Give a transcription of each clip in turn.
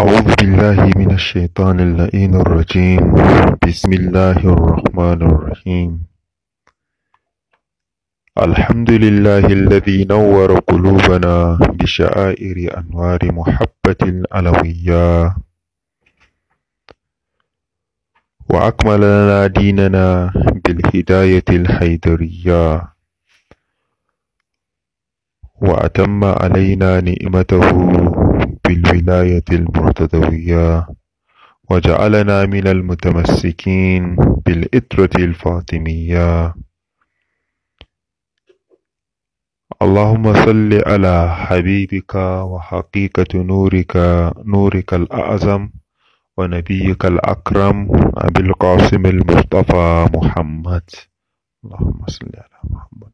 أعوذ بالله من الشيطان اللئيم الرجيم بسم الله الرحمن الرحيم الحمد لله الذي نور قلوبنا بشعائر أنوار محبة الألوية وأكمل لنا ديننا بالهداية الحيدرية وأتم علينا نعمته بالولاية المرتدوية وجعلنا من المتمسكين بالإترة الفاطمية اللهم صل على حبيبك وحقيقة نورك نورك الأعظم ونبيك الأكرم أبي القاسم المصطفى محمد اللهم صل على محمد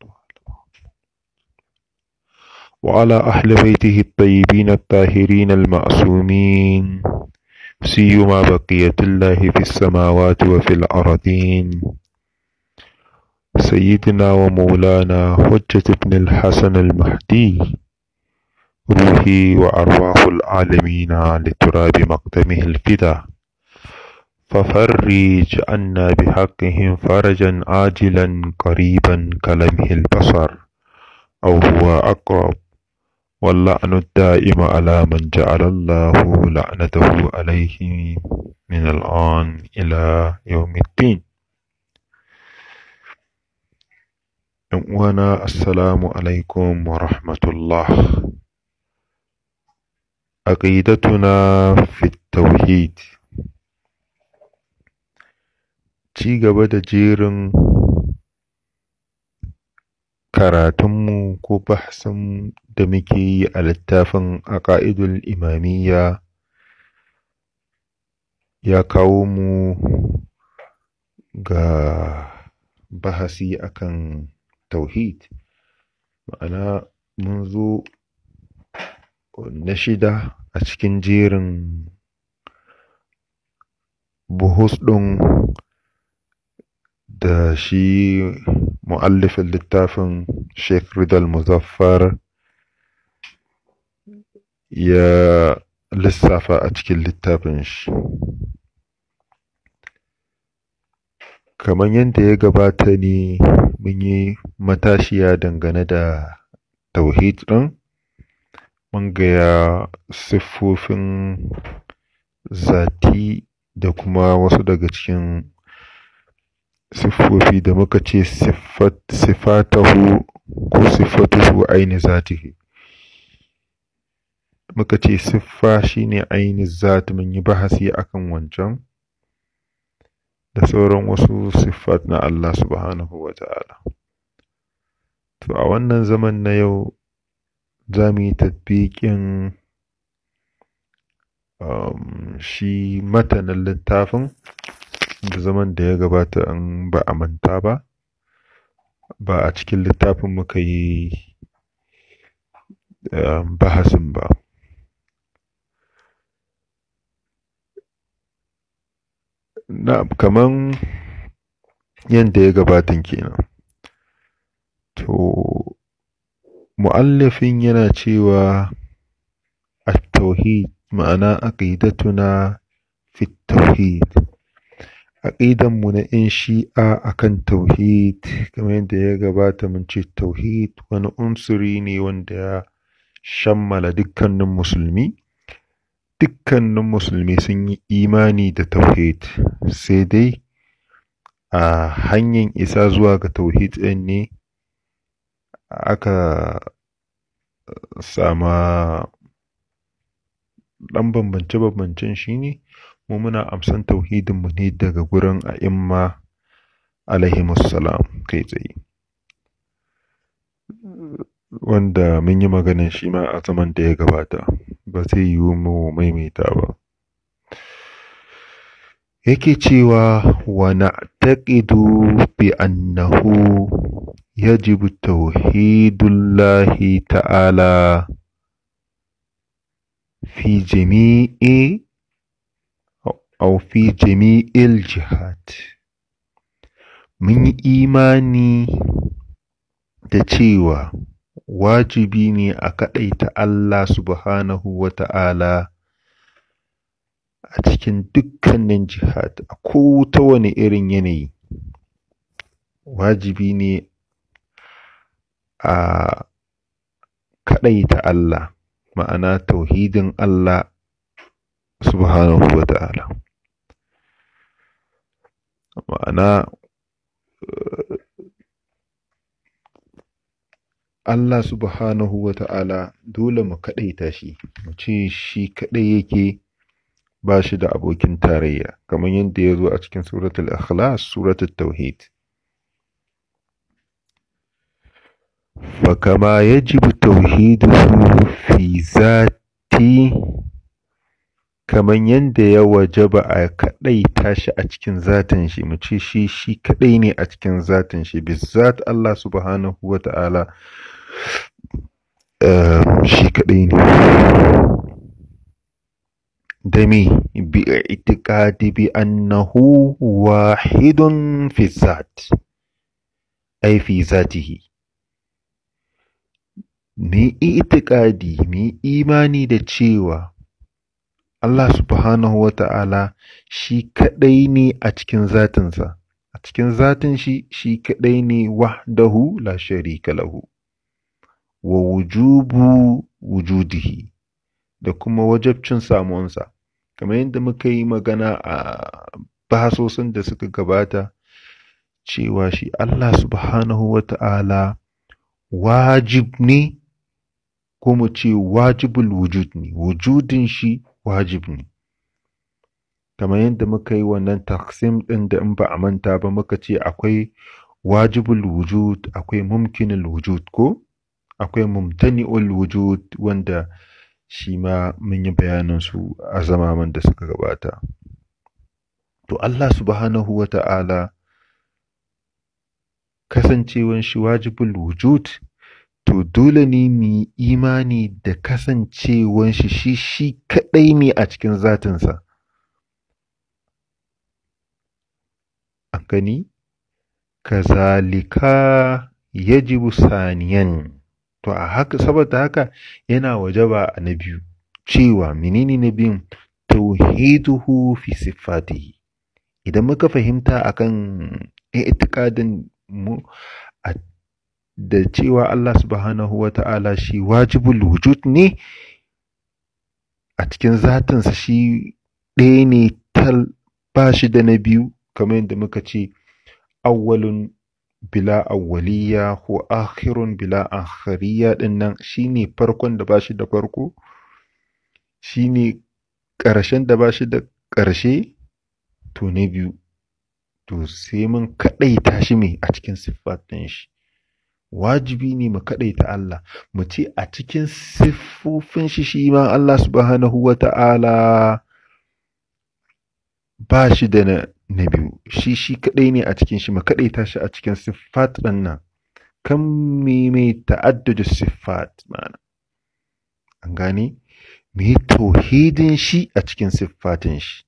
وعلى أهل بيته الطيبين الطاهرين المعصومين سيما بقية الله في السماوات وفي الأرضين سيدنا ومولانا حجة ابن الحسن المهدي روحي وأرواح العالمين لتراب مقدمه الفدا ففرج عنا بحقهم فرجا عاجلا قريبا كلمه البصر أو هو أقرب واللعن الدائم على من جعل الله لعنته عليه من الآن إلى يوم الدين وانا السلام عليكم ورحمة الله عقيدتنا في التوحيد ci gaba da jerin karatunmu ko bahasan da muke yi a littafin a ƙa’idul imamiyya ya kawo mu ga bahasi akan tauhid ma'ana mun zo na shida a cikin jerin buhus ɗin da shi mu'allifin littafin Sheikh Ridal Muzaffar ya lissafa a cikin littafin shi. Kamar yadda ya gabata ne mun yi matashiya dangane da tauhid ɗin, mun gaya siffofin zati da kuma wasu daga cikin siffofi da muka ce sifatahu ko siffatuhu aini zatihi muka ce siffa shine aini zati mun yi bahasi akan wancan da sauran wasu sifat na Allah subhanahu wa to a wannan zaman na yau za mu yi tatbikin um, shi matanin littafin da zaman da ya gabata in ba a manta ba, ba a cikin littafin muka yi eh, bahasin ba. Na kaman yadda ya gabatan kenan. To, mu'allafin yana cewa a tauhid ma'ana aqidatuna fi tauhid aƙidan mu na 'yan shi'a akan tauhid kamar yadda ya gabata mun ce tauhid wani unsuri ne wanda ya shammala dukkanin musulmi dukkanin musulmi sun yi imani da tauhid sai dai a hanyar isa zuwa ga tauhid ɗin ne aka sama ɗan bambance-bambancen shi ne mu muna amsan mu ne daga gurin a'imma alaihimussalam kai tsaye wanda mun yi maganin shi ma a zaman da ya gabata ba zai yiwu mu maimaita ba yake cewa wa taƙidu bi annahu yajibu tauhidullahi ta'ala fi jami'i Aufi Jami'il Jihad, mun yi imani da cewa wajibi ne a kaɗaita Allah subhanahu wa ta'ala a cikin dukkanin jihad ko kowata wani irin yanayi wajibi ne a kaɗaita Allah ma'ana tauhidin Allah subhanahu wa ta'ala ma'ana eh, Allah subhanahu wa ta'ala dole mu kaɗaita shi, mu ce shi kaɗai yake ba shi da abokin tarayya, kamar yadda ya zo a cikin suratul ikhlas suratul tauhid. kama ya ji tauhidu fi zati Kamar yadda ya wajaba a kaɗai tashi a cikin zatin shi, mu ce shi shi kaɗai ne a cikin zatin shi, zat Allah subhanahu wa ta'ala eh, shi kaɗai ne. Da me bi i'tiqadi bi annahu wahidun fi zat ai fi zatihi ni i'tiqadi ni imani da cewa Allah Subhanahu wa ta'ala shi kaɗai ne a cikin zatinsa, a cikin zatin shi shi kaɗai ne wahdahu la sharika lahu, wa wujubu wujudihi da kuma wajabcin samuwansa, kamar yadda muka yi magana a bahasosin da suka gabata cewa shi Allah Subhanahu wa ta'ala wajib ne, kuma ce wajibul wujud ne, wujudin shi wajib ne kamar yadda muka yi wannan taksim ɗin da in ba a manta ba muka ce akwai wajibul wujud akwai mumkinul wujud ko akwai mumtani'ul wujud wanda shi ma mun yi bayanansu a zamaman da suka gabata to Allah subhanahu wa ta'ala kasancewan shi wajibul wujud to dole ne mu yi imani da kasancewar shi shi kaɗai ne a cikin zatinsa. An gani? Kazalika yajibu saniyan. To a haka saboda haka yana wajaba a na biyu cewa menene na biyun tauhiduhu fi sifatihi. Idan muka fahimta akan i'tiqadin mu a da cewa Allah subhanahu wa ta'ala shi wajibul wujud ne a cikin zatinsa shi ɗaya ne tal ba shi da na biyu kamar yadda muka ce awwalun bila awwaliya ko akhirun bila akhariya ɗin nan shine farkon da ba shi da farko Shi ne ƙarshen da ba shi da ƙarshe to na biyu to sai mun kaɗaita shi mai a cikin siffatin shi wajibi ne mu kaɗaita Allah mu ce a cikin siffofin shi shi ma Allah subhanahu wa ta'ala ba shi da na biyu shi shi kaɗai ne a cikin shi mu kaɗaita shi a cikin siffat ɗan nan kan me mai ta'addadu siffat ma'ana an gane mu yi tauhidin shi a cikin siffatin shi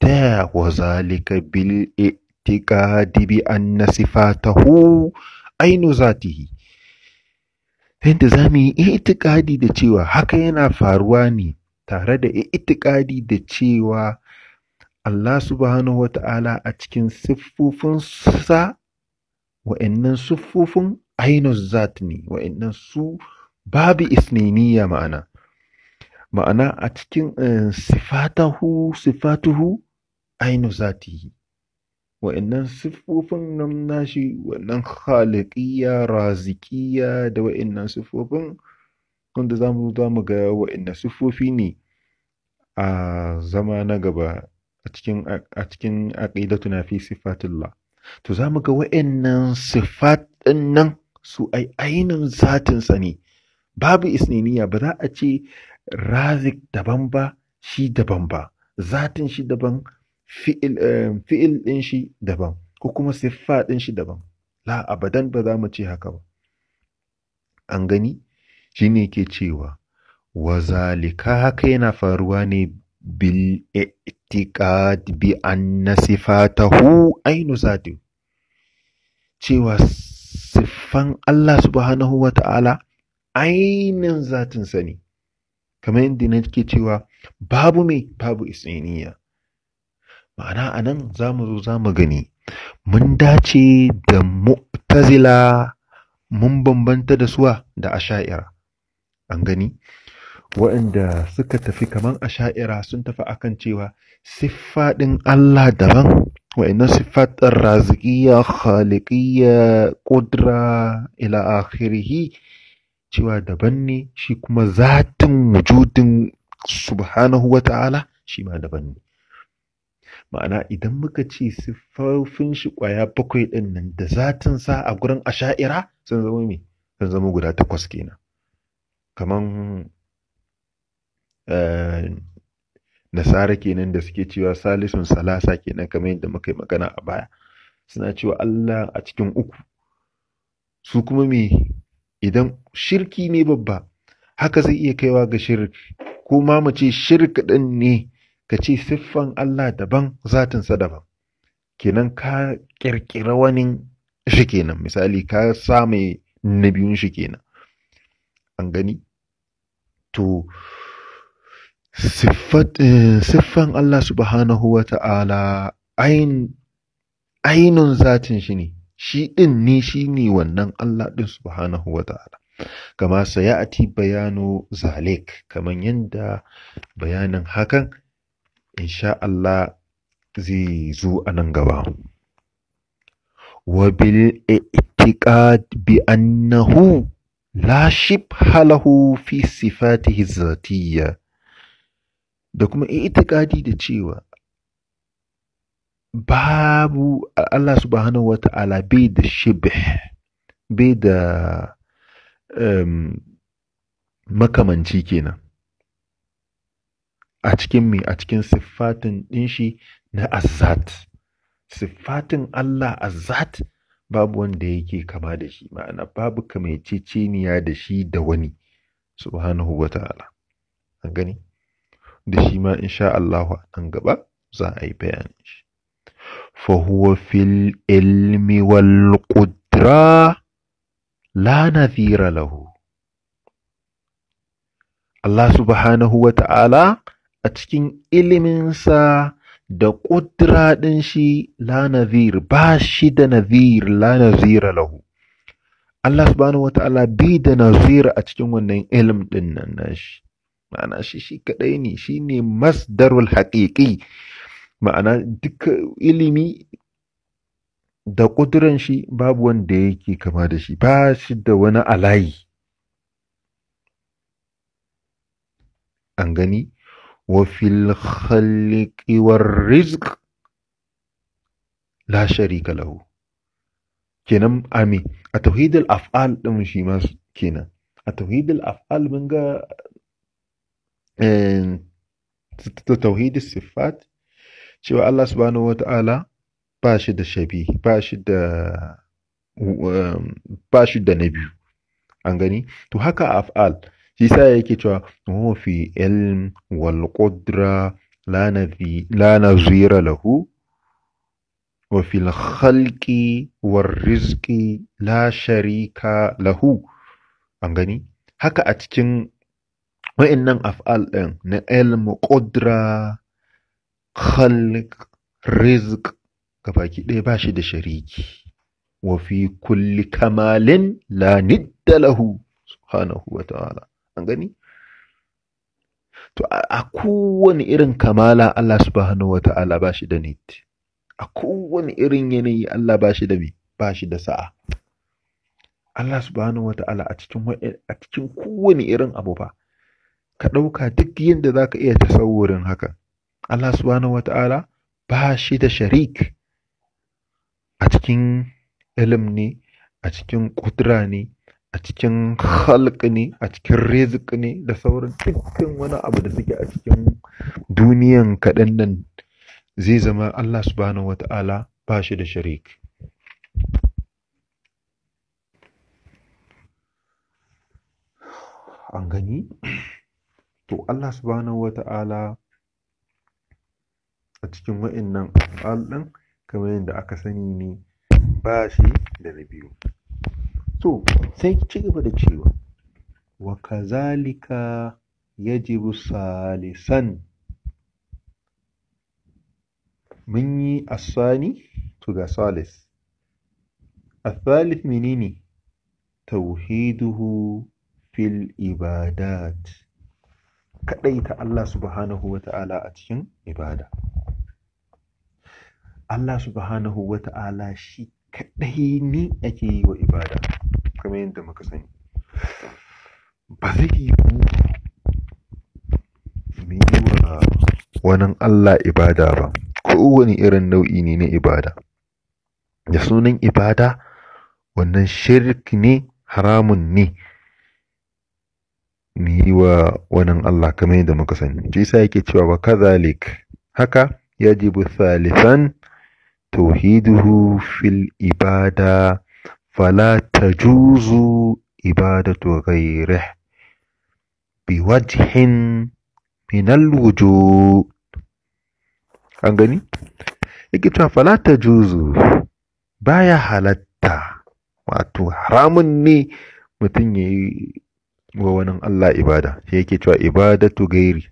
ta yaya wa zalika bil i'tiqadi bi anna sifatahu ainu zatihi yadda za mu yi itikadi da cewa haka yana faruwa ne tare da itikadi da cewa Allah subhanahu wa ta'ala a cikin siffofinsa wa'annan siffofin ainus zat ne wa'annan su babu isniniya ma'ana ma'ana a cikin eh, sifatahu sifatuhu ainus zatihi wa'annan siffofin nan nashi wannan khaliqiyya razikiyya da wa'annan siffofin wanda zamu ga wa'annan siffofi ne a zama na gaba a cikin a cikin na fi sifatillah to zamu ga wa'annan sifat nan su ai ainin zatin sa ne babu isniniya ba za a ce razik daban ba shi daban ba zatin shi daban fi'il ɗin eh, shi daban ko kuma siffa ɗin shi daban la abadan ba za mu ce haka ba an gani Shi ne ke cewa wazalika haka yana faruwa ne bil i'tiqad bi anna sifatahu ainu zati cewa siffan Allah subhanahu wa ta'ala ainin zatin sani kamar yadda ke cewa babu mai babu isiniya ma'ana a nan za mu zo za mu gani mun dace da mu'tazila mun bambanta da suwa da asha'ira an gani waɗanda suka tafi kaman asha'ira sun tafi akan cewa siffaɗin Allah daban wa'annan siffatar raziƙiyya khaliqiyya ƙudura ila akhirihi cewa daban ne shi kuma zatin wujudin subhanahu wa ta'ala shi ma daban ne ma'ana idan muka ci siffofin shi ƙwaya bakwai ɗin nan da zatin sa a gurin asha'ira sun zama mai sun zama guda takwas kenan kaman eh, nasara kenan da suke cewa salisun salasa kenan kamar yadda muka yi magana a baya suna cewa Allah a cikin uku su kuma me idan shirki ne babba haka zai iya kaiwa ga shirki? ko ma mu ce ne ka ce siffan Allah daban zatinsa daban kenan ka ƙirƙira wani shi kenan misali ka sa mai na biyun shi kenan an gani to eh, siffan Allah subhanahu wa ta'ala ainun zatin shi ne shi ɗin ne shi ne wannan Allah ɗin subhanahu wa ta'ala kama ati bayano, zalik kaman yadda bayanin hakan insha Allah zai zo a nan gaba wa bil i'tiqad bi annahu la shibha lahu fi sifatihi zatiyya da kuma i'tiqadi da cewa babu Allah subhanahu wata'ala bai da shibih bai da um, makamanci kenan a cikin me a cikin siffatin ɗin shi na azat, siffatin Allah azat, babu wanda yake kama da shi ma'ana babu kamaiceceniya da shi da wani subhanahu wa ta'ala an gani da shi ma insha Allah an nan gaba za a yi bayanin shi fa huwa fil ilmi wal qudra la nadhira lahu Allah subhanahu wa ta'ala a cikin iliminsa da ƙudura ɗin shi la nazir ba shi da nazir la nazira lahu Allah subhanahu ta'ala bi da nazira a cikin wannan ilim ɗin nan nashi ma'ana shi shi kaɗai ne shi ne masdarul haƙiƙi ma'ana duk ilimi da ƙuduran shi babu wanda yake kama da shi ba shi da wani alayi an gani وفي الخلق والرزق لا شريك له كنم أمي أتوحيد الأفعال تمشي ماس كنا أتوحيد الأفعال منغا آه، توحيد الصفات شو الله سبحانه وتعالى باش دا شبيه باش دا آه، باش دا نبي أنغني تو هكا أفعال shi sa yake cewa wa fi ilm wal qudra la nazira lahu wa fil khalqi war rizqi la sharika lahu an gani haka a cikin wa'annan af'al ɗin na ilm qudra khalq rizq gabaki ɗaya ba shi da shariki وفي kulli كمال lahu, ند subhanahu wa ta'ala an gani to a kowane irin kamala Allah subhanahu ta’ala ba shi da niti, a kowane irin yanayi Allah ba shi da bi, ba shi da sa'a Allah subhanahu wata'ala a cikin a cikin kowane irin abu ba ka ɗauka duk yadda za ka iya tasawurin haka Allah subhanahu ta’ala ba shi da sharik a cikin ilim ne a cikin ƙudura ne a cikin halk ne a cikin rizik ne da sauran dukkan wani abu da suke a cikin duniyan kaɗan nan zai zama Allah subhanahu wata'ala ba shi da shirik. an gani to Allah subhanahu wata'ala a cikin wa'in nan al'adun kamar yadda aka sani ne ba shi da na biyu to sai ci gaba da cewa wa kazalika yajibu salisan mun yi asani to ga salis asalis menene tauhiduhu fil Kaɗai ta Allah subhanahu wa ta'ala a cikin ibada Allah subhanahu wa shi kaɗai ni ake yi wa ibada kamar yadda muka sani ba zai ba. mu yi wa wani Allah ibada ba ko wani irin nau'i ne na ibada da sunan ibada wannan shirk ne haramun ne mu yi wa wannan Allah kamar yadda muka sani shi yake cewa wa kazalik haka yajibu thalithan توحيده في الإبادة فلا تجوز إبادة غيره بوجه من الوجوه an gani yake cewa fala ta juzu baya halatta wato haramun ne mutum ya yi wa wani Allah ibada shi yake cewa ibadatu gairi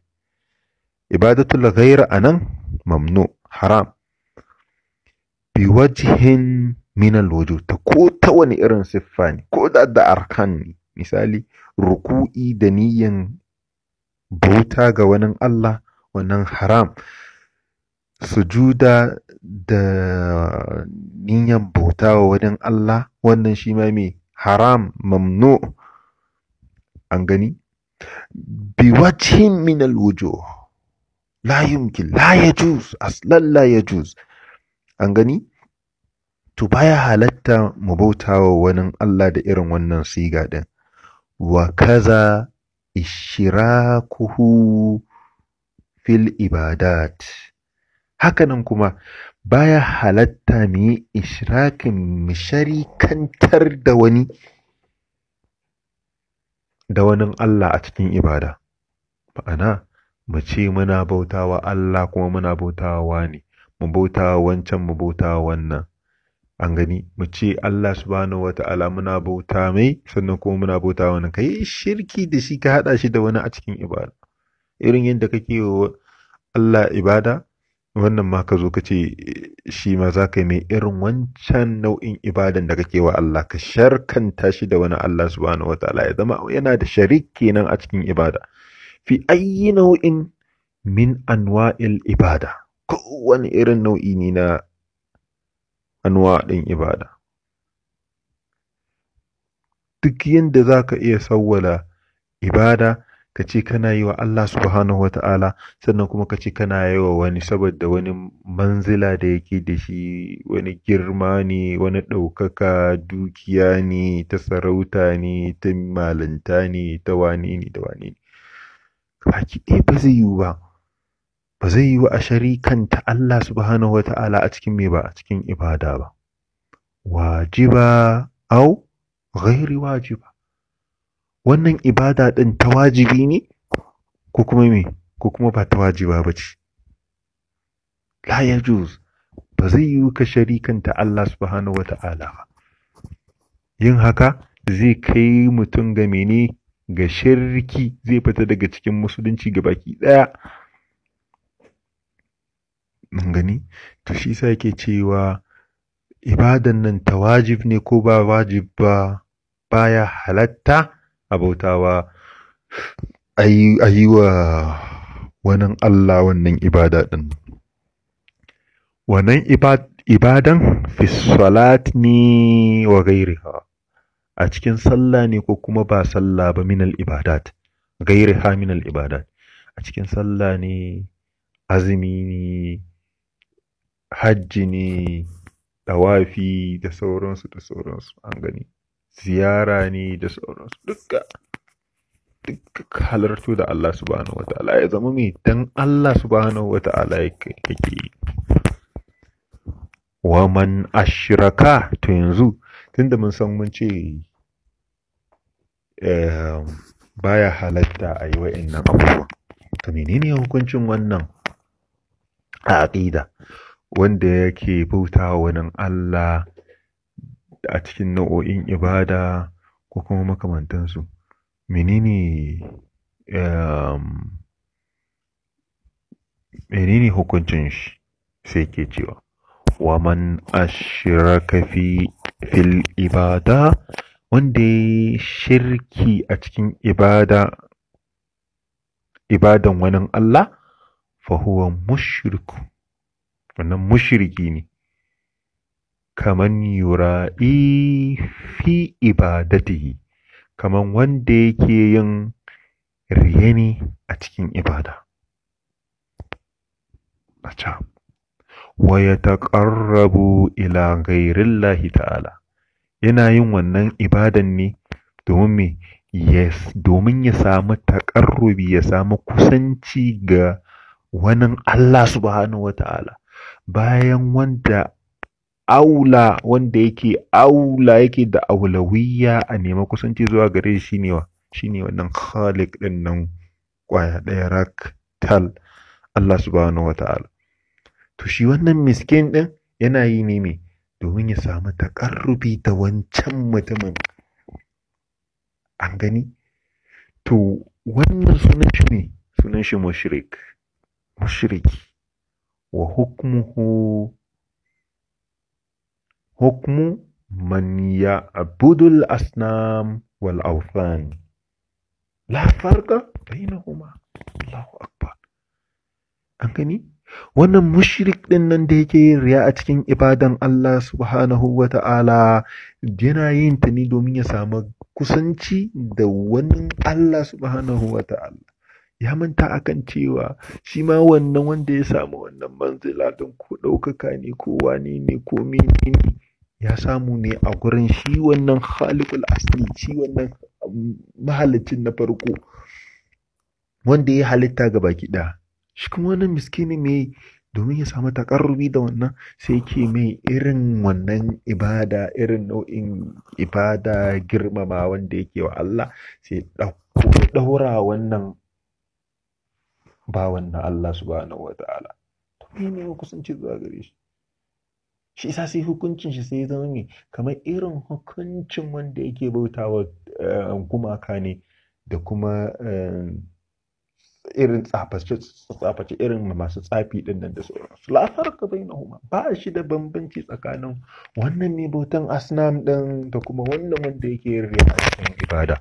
ibadatu la gaira a nan mamnu haram wajihin minal wujud ta ko ta wani irin siffa ne ko da da arkan ne misali ruku'i da niyyan bauta ga wani Allah wannan haram sujuda da niyyan bauta wa wani Allah wannan shi ma mai haram mamnu an gani biwajihin minal wujuh la yumkin la yajuz aslan la yajuz an gani to baya halatta mu bautawa wani Allah da irin wannan siga ɗin. wa kaza ishirakuhu fil ibadat hakanan kuma baya halatta mu yi ishrakin mu da wani da wani Allah a cikin ibada ma'ana mu ce muna bautawa Allah kuma muna bautawa ne mu bauta wancan mu bauta wannan an gani mu ce Allah subhanahu wata'ala muna bauta mai sannan kuma muna bauta wannan kai shirki da shi ka hada shi da wani a cikin ibada irin yadda kake wa Allah ibada wannan ma ka zo ka ce shi ma za ka yi mai irin wancan nau'in ibadan da kake wa Allah ka sharkanta shi da wani Allah subhanahu wataala ya zama yana da sharik kenan a cikin ibada fi ayyi nau'in min anwa'il ibada kowane irin nau'i ne na anuwa ɗin ibada duk yadda za ka iya sawwala ibada ka ce kana yi wa Allah subhanahu wa ta'ala sannan kuma ka ce kana yi wa wani saboda wani manzila da yake da shi wani girma ne wani ɗaukaka dukiya ne ta sarauta ne ta malinta ne ta wani ne da wani ne Ba ki ɗaya ba zai yiwu ba ba zai yiwu a sharikanta Allah subhanahu wa ta'ala a cikin me ba a cikin ibada ba wajiba au ghairi wajiba wannan ibada ɗin ta wajibi ne ko kuma me ko kuma ba ta wajiba ba ce la juz ba zai yi ka sharikanta Allah subhanahu wa ba yin haka zai kai mutum ga mene ga shirki zai fita daga cikin musulunci gabaki daya Mun gani? To shi sa yake cewa ibadan nan ta wajib ne ko ba wajib ba baya halatta a bautawa a yi wa wani Allah wannan ibada ɗin. Wannan ibadan fi ne wa ha a cikin sallah ne ko kuma ba sallah ba minal ibadat gairiha minal ibadat a cikin sallah ne azumi ne hajji ne, ɗawafi da sauransu da sauransu an gani, ziyara ne da sauransu dukka. Duk halartu da Allah subhanahu wata'ala ya zama mai dan Allah subhanahu wata'ala yake yi. Wa man ashiraka to yanzu tunda mun san mun ce eh, baya halatta a yi wa'in nan abubuwa. To menene hukuncin wannan a aƙida? wanda yake wa wani Allah a cikin nau'o'in ibada ko kuma makamantansu menene um, menene hukuncin shi sai ke cewa Wa man ashiraka fi fil ibada wanda shirki a cikin ibada ibadan wani Allah fa huwa mushriku wannan mushriki ne kaman yura'i fi ibadatihi kaman wanda yake yin riyani a cikin ibada acha wa yataqarrabu ila lahi ta'ala yana yin wannan ibadan ne domin me yes domin ya samu taƙarrubi ya samu kusanci ga wani Allah subhanahu wata'ala bayan wanda aula wanda yake aula yake da aulawiya a nema kusanci zuwa gare shi shine wa shine wannan khaliq din nan kwaya daya rak tal Allah subhanahu wataala to shi wannan miskin din yana yi ne me domin ya samu takarrubi da wancan mutumin an gani to wannan sunan shi ne sunan shi mushrik mushriki wa hukmuhu hukmu man ya'budu al-asnam wal awthan la farqa bainahuma Allahu akbar an gani wannan mushrik din nan da yake yin riya a cikin ibadan Allah subhanahu ta'ala yana yin ta ne domin ya samu kusanci da wani Allah subhanahu ya manta akan cewa shi ma wannan wanda ya samu wannan manzila don ko ɗaukaka ne ko wani ne ko ne ya samu ne a gurin shi wannan halikul asli shi wannan um, mahalicin na farko wanda ya halitta ga baki ɗaya shi kuma wannan miskini mai domin ya samu takarrubi da wannan sai ke mai irin wannan ibada irin nau'in ibada girmama wanda yake wa Allah sai ɗaura wannan bawan na Allah subhanahu wa ta'ala to me ne kusanci zuwa gare shi shi isa sai hukuncin shi sai zama mai kamar irin hukuncin wanda yake bautawa eh, gumaka ne da kuma eh, irin tsafaci irin masu tsafi din nan da su lafar ka bai na huma ba shi da bambanci tsakanin wannan ne bautan asnam din da kuma wannan wanda yake yin riya a cikin ibada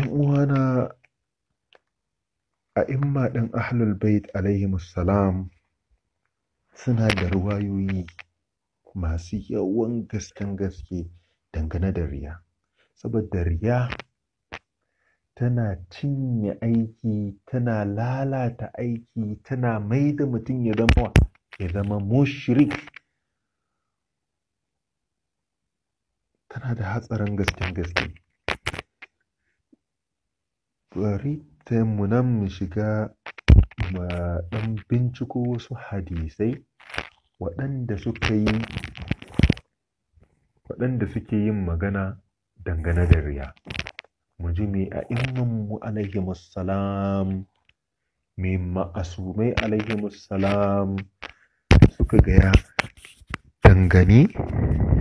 yan uwana a imma ɗin ahlul bait alaihimussalam suna da ruwayoyi masu yawan gasken gaske dangane da riya saboda riya tana cinye aiki tana lalata aiki tana mai mutum ya zama ya zama mushrik tana da hatsarin gasken gaske Bari ta mu nan mu shiga ma ɗan binciko wasu hadisai waɗanda suka yi waɗanda suke yin magana dangane da riya. Mu ji me alaihi alaihimussalam me ma'asumai alaihimussalam suka gaya dangane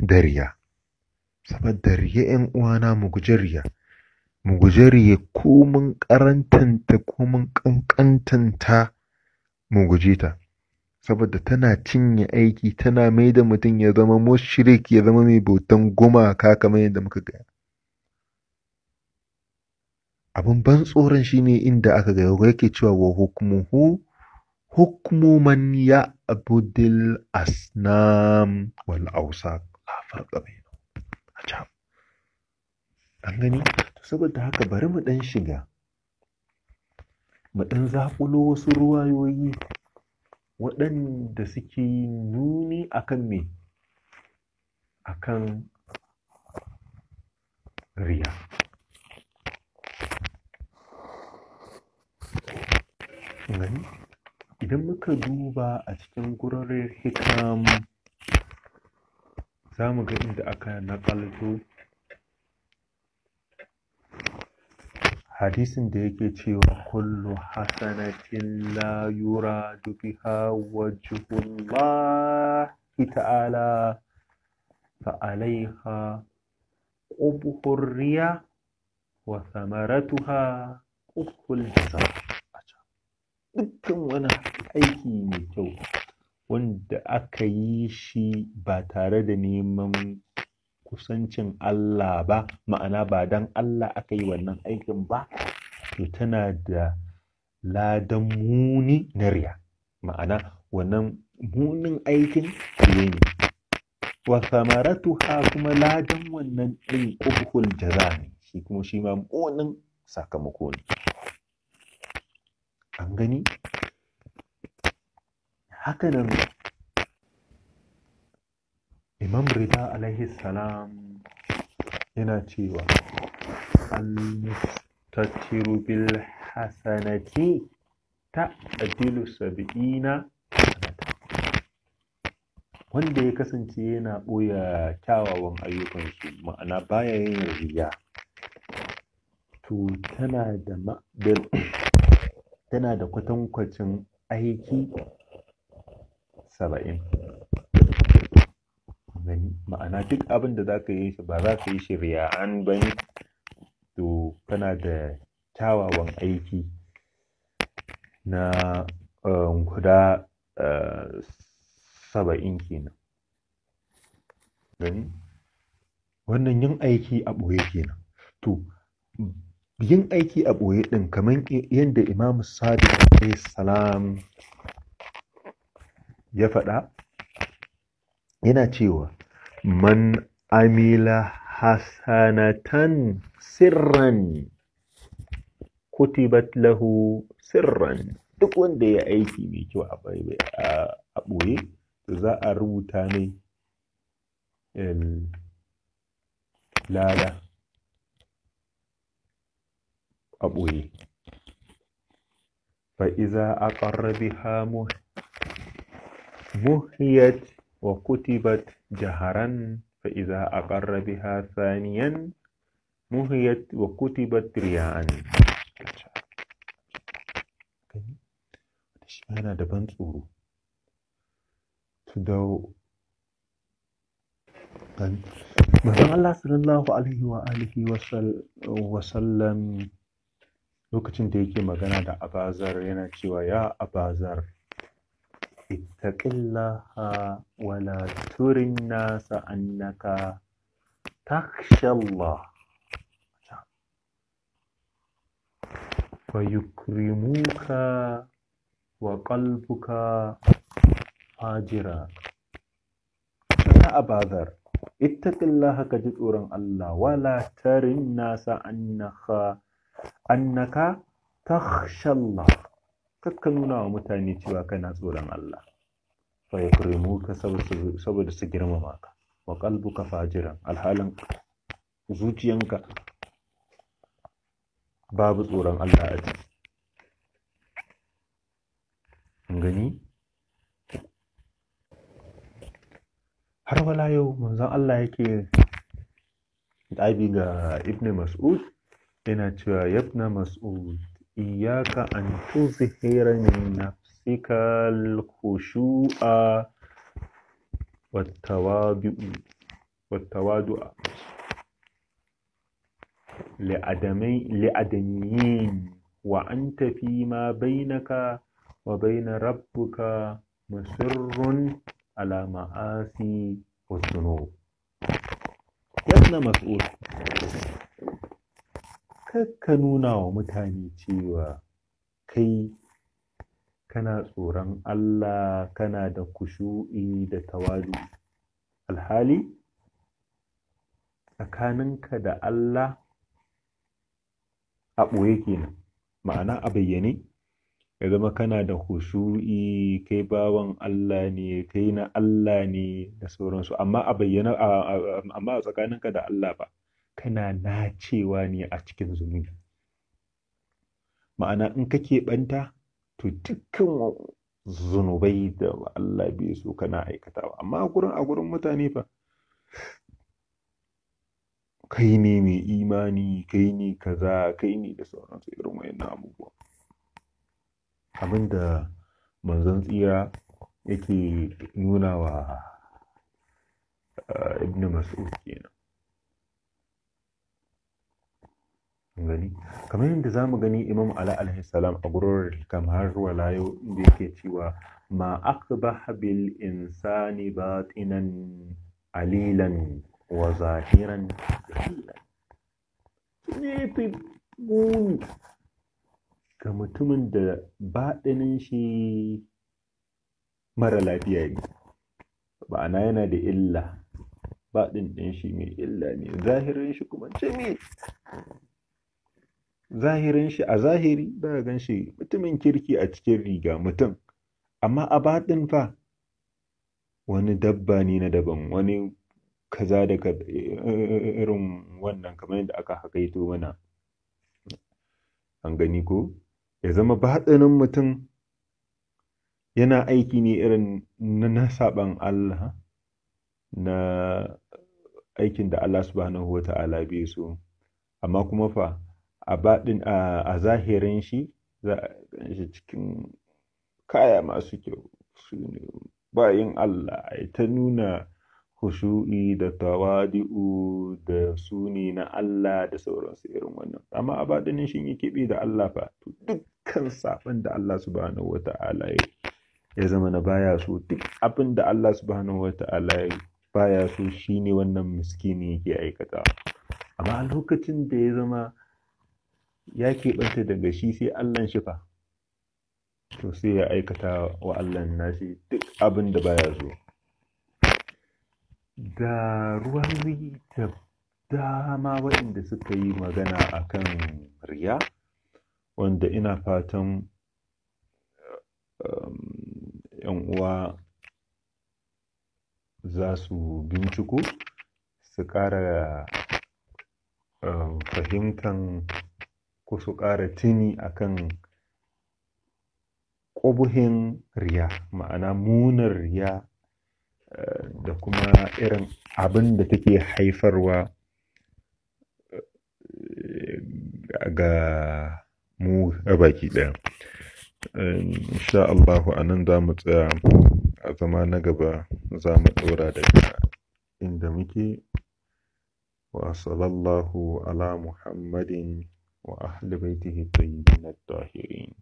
da riya. Saboda riya 'yan uwana mu guji riya. mu guji riya komin ƙarantanta komin ƙanƙantanta mu guji ta saboda tana cinye aiki tana mai da mutum ya zama mushrik ya zama mai bautan gumaka kamar yadda muka ga abin ban tsoron shine inda aka gaya yake cewa wa hukmuhu hukumu man ya abudil asnam wal ausaq la farqa an gani saboda haka bari mu ɗan shiga mu ɗan zaƙulo wasu ruwayoyi waɗanda suke nuni akan me akan riya gani idan muka duba a cikin gurare hikam za mu ga inda aka naƙalto hadisin da yake cewa kullu hasanatin la yuradu biha wajhullahi ta'ala fa alaiha qubhur riya wa thamaratuha qubhul dukkan wani aiki mai kyau wanda aka yi shi ba tare da neman kusancin Allah ba ma'ana ba dan Allah aka yi wannan aikin ba to tana da ladan muni na riya ma'ana wannan munin aikin ne ne wa ha kuma ladan wannan ɗin ƙubhul jaza ne shi kuma shi ma munin sakamako ne an gani hakanan Imam Rida alaihi salam yana cewa al ta bil hasanati ta'dilu sab'ina wanda ya kasance yana ɓoya kyawawan ayyukansu ma'ana baya yin riya to tana da tana da kwatankwacin aiki saba'in gani ma'ana duk abin da za ka yi shi ba za ka yi shi an ba to kana da kyawawan aiki na um, guda uh, saba'in kenan gani wannan yin aiki a ɓoye kenan to yin aiki a ɓoye ɗin kamar yadda Imam sadiq salam ya faɗa yana cewa Man Amila حسنة سرا kutibat Batlahu sirran duk wanda ya aiki mai kyau a ɓoye za a rubuta mai lada a ɓoye fa'iza a ƙarrabi ha muhiyat وكتبت جهرا فإذا أقر بها ثانيا مهيت وكتبت رياء yana da ban tsoro Allah sallallahu alaihi wa alihi wa sallam lokacin da yake magana da abazar yana cewa ya abazar اتق الله ولا تر الناس أنك تخشى الله فيكرموك وقلبك فاجرا أبا ذر اتق الله كجدورا الله ولا تر الناس أنك أنك تخشى الله Ka nuna wa mutane cewa kana tsoron Allah fa ka saboda su girmama ka wa ka fajiran alhalin zuciyanka babu tsoron Allah a ciki gani har wala yau manzon Allah yake ɗabi ga ibn mas'ud yana cewa yabna mas'ud إيَّاكَ أَنْ تُظْهِرَ مِنْ نَفْسِكَ الْخُشُوعَ وَالتَّوَاضُعَ لأدميين وَأَنْتَ فِيمَا بَيْنَكَ وَبَيْنَ رَبِّكَ مُصِرٌّ عَلَى مَعَاصِي وَالذُّنُوبِ يا ابن مسؤول ka nuna wa mutane cewa kai kana tsoron Allah kana da kushu'i da tawadu alhali tsakaninka da Allah a ɓoye kenan ma'ana a bayyane ya zama kana da kushu'i kai bawan Allah ne kai na Allah ne da sauransu amma a bayyana amma a tsakaninka da Allah ba kana nacewa ne a cikin zunubi ma'ana in kake banta to dukkan zunubai da Allah bai so kana ba. amma gurin a gurin mutane fa kai ne mai imani kai ne kaza kai ne da sauransu irin wayannan abubuwa abinda manzon tsira yake nuna wa ah, ibn mas'ud kenan gani kamar yadda za mu gani imam ala alaihi salam a gurin kamar har da yake cewa ma akbah bil insani batinan alilan wa zahiran ne ga mutumin da baɗinin shi mara lafiya ne ba'ana yana da illa baɗin ɗin shi mai illa ne zahirin shi kuma jami zahirin shi a zahiri za ka gan shi mutumin kirki a cikin riga mutum amma a baɗin fa wani dabba ne na daban wani kaza da kaza irin wannan kamar yadda aka haƙaito mana an gani ko ya zama baɗinin mutum yana aiki ne irin na saɓan Allah na aikin da Allah subhanahu wa ta'ala bai so amma kuma fa a baɗin a zahirin shi za a shi cikin kaya masu kyau su ne bayin Allah ai ta nuna husu'i da tawadi'u da suni na Allah da sauransu irin wannan amma a baɗinin shi yake bi da Allah fa to dukkan safin da Allah subhanahu wata'ala ya zama na baya so duk abin da Allah subhanahu wata'ala baya so shine wannan miskini yake aikata amma lokacin da ya zama ya keɓanta daga shi sai Allahn shifa to sai ya aikata wa Allahn nashi duk abin da baya zo da ruwan da dama waɗanda suka yi magana a kan riya wanda ina fatan um, uwa za su binciko su ƙara um, fahimtan ko su ƙara a kan ƙubuhin riya ma'ana munar riya eh, da kuma irin abin da take haifarwa eh, ga mu baki ɗaya eh, insha Allahu a nan za mu tsaya a zama na gaba za mu ɗora daga inda muke wa sallallahu ala muhammadin وأهل بيته الطيبين الطاهرين